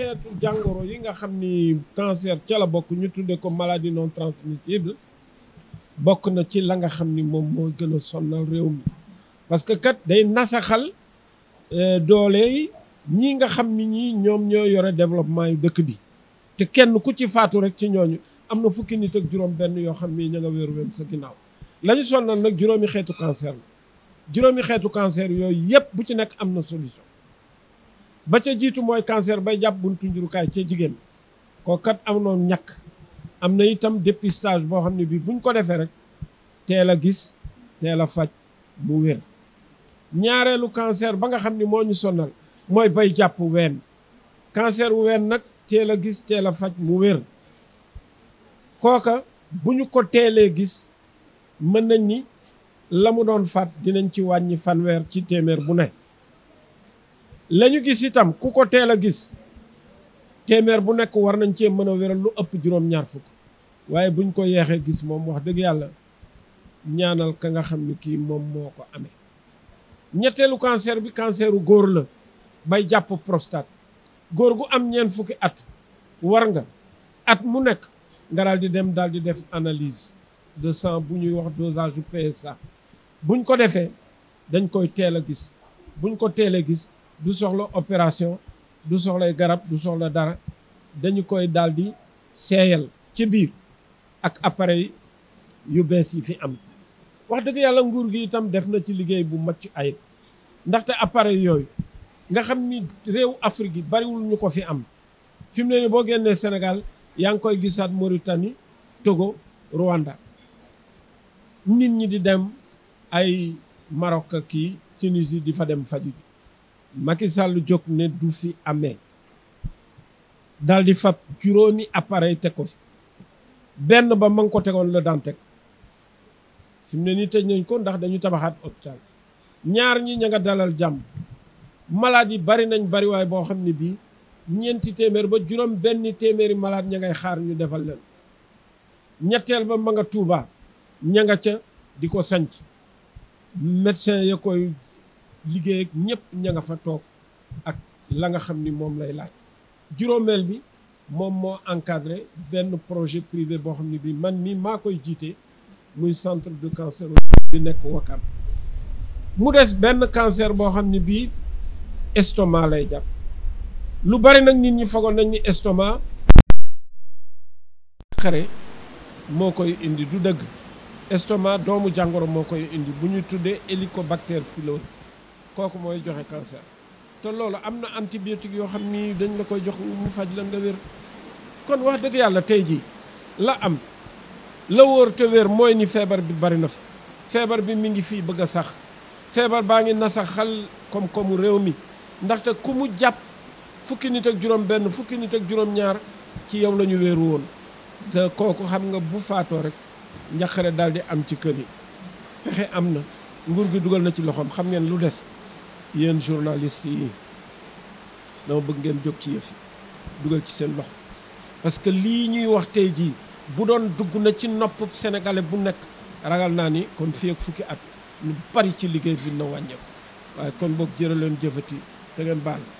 xeetu jàngoro yi nga xam ni cancer ca la bokk ñu tuddee ko maladie non transmissible bokk na ci la nga xam ni moom moo gën a sonnal réew mi parce que kat day nasaxal euh, doole yi ñii nga xam ni ñii ñoom ñoo yore développement yu dëkk bi te kenn ku ci faatu rek ci ñooñu am na fukki nit ak juróom benn yoo xam ni ña nga wéeru wéen sa ginnaaw la ñu sonnal nag juróomi xeetu cancer la juróomi xeetu cancer yooyu yëpp bu ci nekk am na solution ba ca jiitu mooy cancer bay jàpp buntu njurukaay ca jigéen ko am noon ñàkk am na itam dépistage boo xam ne bii buñ ko defee rek teel a gis teel a faj mu wér ñaareelu cancer ba nga xam ne moo ñu sonal mooy bay jàpp ween cancer wu ween nag teel a gis teel a faj mu wér kooka bu ñu ko teelee gis mën nañ ni la mu doon faat dinañ ci wàññi fanweer ci téeméer bu ne lañu gis itam ku ko teel a gis téeméer bu nekk war nañ cee mën a wéral lu ëpp juróom-ñaar fukk waaye buñ ko yeexee gis moom wax dëgg yàlla ñaanal ka nga xam ni kii moom moo ko amee ñetteelu cancer bi canceru góor la bay jàpp prostate góor gu am ñeent fukki at war nga at mu nekk nga dal di dem daal di def analyse de sang bu ñuy wax dosage PSA buñ ko defee dañ koy teel a gis buñ ko teel a gis du soxla opération du soxlay garab du soxla dara dañ koy daldi di ci biir ak appareil yu bess yi fi am wax deug yalla nguur gi itam def na ci liggéey bu macc ayib te appareil yoy nga xam ni réew Afrique bari wul ñuko fi am fim leen bo genné Senegal, génnee Sénégal yaa koy gissat Mauritanie Togo Rwanda nit ñi di dem ay Maroc ki, Tunisie di fa dem faju Macky Sall jóg ne du fi amee daldi fab juróomi appareil teg ko fi benn ba ma ngi ko tegoon la daan teg fi mu ne nii tëj nañ ko ndax dañu tabaxaat hôpital ñaar ñi ña nga dalal jàmb malaat yi bari nañ bariwaay boo xam ne bii ñeenti téeméer ba juróom benn téeméeri malade ña ngay xaar ñu defal leen ñetteel ba ma nga Touba ña nga ca di ko sanc médecin ya koy liggéey ak ñëpp ña nga fa toog ak la nga xam ni moom lay laaj juróomeel bi moom moo encadré benn projet privé boo xam ne bi man mi maa koy jiite muy centre de cancer bi nekk Wakam mu des benn cancer boo xam ne bii estomac lay jàpp lu bari nag nit ñi fogoon nañ ni estomac xare moo koy indi du dëgg estomac doomu jàngoro moo koy indi bu ñu tuddee hélicobacter pylori kooku mooy joxe cancer te loolu am na antibiotique yoo xam ni dañ la koy jox mu faj la nga wér kon wax dëgg yàlla tey jii la am la wóor te wér mooy ni feebar bi bari na fi feebar bi mi ngi fii bëgg a sax feebar baa ngi xal koom-koomu réew mi ndaxte ku mu jàpp fukki nit ak juróom benn fukki nit ak juróom ñaar ci yow la ñu wéeru woon te kooku xam nga bu faatoo rek njaqare daal am ci kër yi fexe am na nguur gi dugal na ci loxoom xam ngeen lu des yéen journaliste yi dama bëgg ngeen jóg ci yëf yi dugal ci seen loxo parce que lii ñuy wax tey jii bu doon dugg na ci nopp sénégalais bu nekk ragal naa ni kon fi ak fukki at lu bari ci liggéey bi na wàññeeku waaye kon boog jërë leen jëfati te ngeen baal